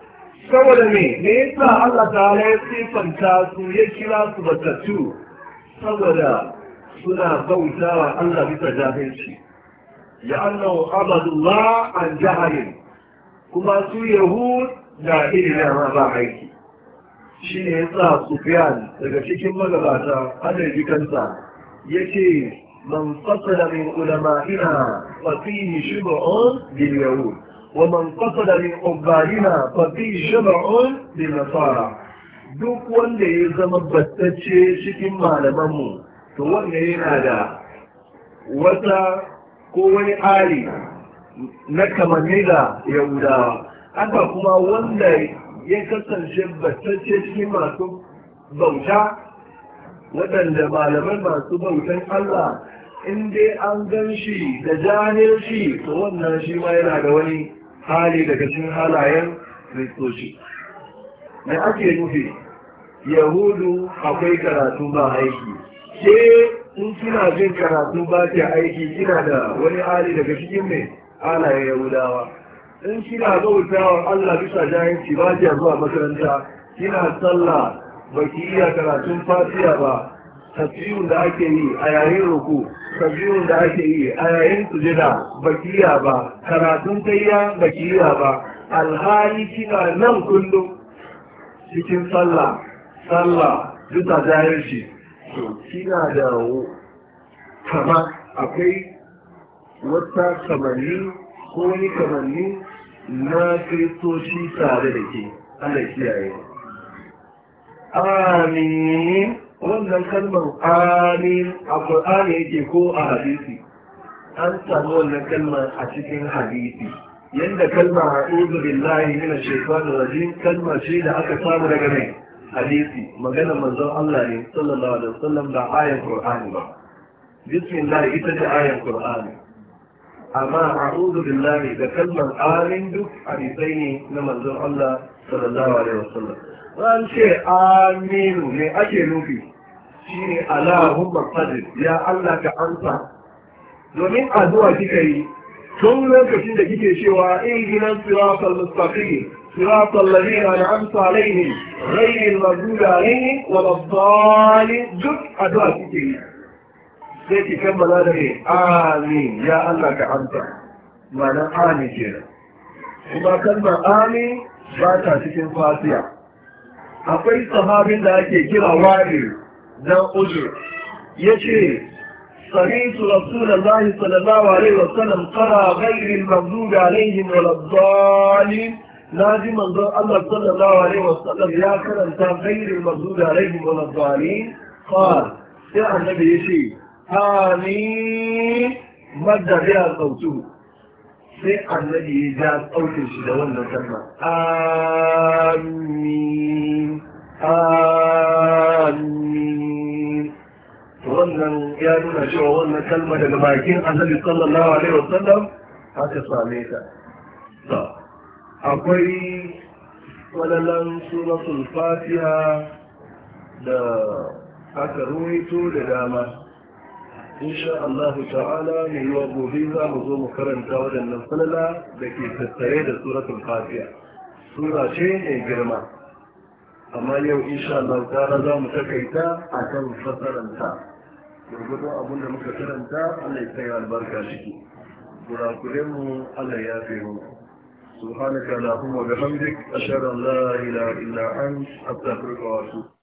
S1: saboda me me yasa Allah ta'ala ya sifanta su ya kira su batattu saboda suna bautawa Allah bisa jahilci ya annahu abadullah an jahilin kuma su yahud da ilimi ma ba aiki shi ne yasa sufyan daga cikin magabata ya jikansa yace man fasala min ulama'ina fa fihi shub'un bil yahud ومن قصد من عبادنا ففي جمع لنصارى duk wanda ya zama battacce cikin malamanmu to wanda yana da wata ko wani ari na kamanni da yahudawa haka kuma wanda ya kasance battacce cikin masu bauta waɗanda malaman masu bautan Allah in dai an gan shi da jahilci to wannan shi ma yana da wani hali daga cikin halayen kristoci da ake nufi yahudu akwai karatu ba aiki ke in kina jin karatu ba ke aiki kina da wani hali daga cikin mai halayen yahudawa in kina wa allah bisa jayanci ba ke zuwa makaranta kina sallah baki iya karatun fatiya ba tafiyun da ake yi a yayin ruku tabbiyun da ake yi a yayin da bakiya ba karatun tayya bakiya ba alhali kina nan kullum cikin sallah sallah bisa jahilci kina da kama akwai wata kamanni ko wani kamanni na kristoci tare da ke ana kiyaye amin wannan kalmar amin a ƙur'ani yake ko a hadisi an samu wannan kalmar a cikin hadisi yadda kalmar a'udhu billahi minash shaitanir rajim kalma ce da aka samu daga mai hadisi magana manzon Allah ne sallallahu alaihi wasallam da ayar Qur'ani ba bismillah ita ce ayar Qur'ani amma a'udhu billahi da kalmar amin duk hadisai ne na manzon Allah sallallahu alaihi wasallam ran ce Aminu ne ake nufi Shi shine Allahumma qadir ya Allah ka ansa. domin addu'a kika yi tun lokacin da kike cewa ihdinas siratal mustaqim صراط الذين أنعمت عليهم غير المغضوب عليهم ولا duk دك أدوات yi. sai ki kammala da ne amin ya Allah ka amsa mana amin ke nan kuma kalma amin ba ta cikin fasiya akwai sahabin da ake kira wari na uzur ya ce sami su rasu da zahi sallallahu alaihi wa sallam tsara gairin mamdu da alaihin wa labbali na ji manzon allah sallallahu alaihi wa sallam ya karanta gairin mamdu da alaihin wa labbali fa sai annabi ya ce hani madda ya sautu sai annabi ya ja sautin shi da wannan kalma amin amin wannan ya nuna cewa wannan kalma daga bakin annabi sallallahu alaihi wasallam haka same ta akwai wadannan suratul fatiha da aka ruwaito da dama insha Allah ta'ala ne wa gobe za mu zo mu karanta waɗannan falala da ke tattare da suratul fatiha sura ce mai girma amma yau insha Allah ta'ala za mu takaita a kan fasaranta gurgudu abin da muka karanta Allah ya kai albarka ciki kurakuren mu Allah ya fi mu سبحانك اللهم وبحمدك أشهد أن لا إله إلا أنت أستغفرك وأتوب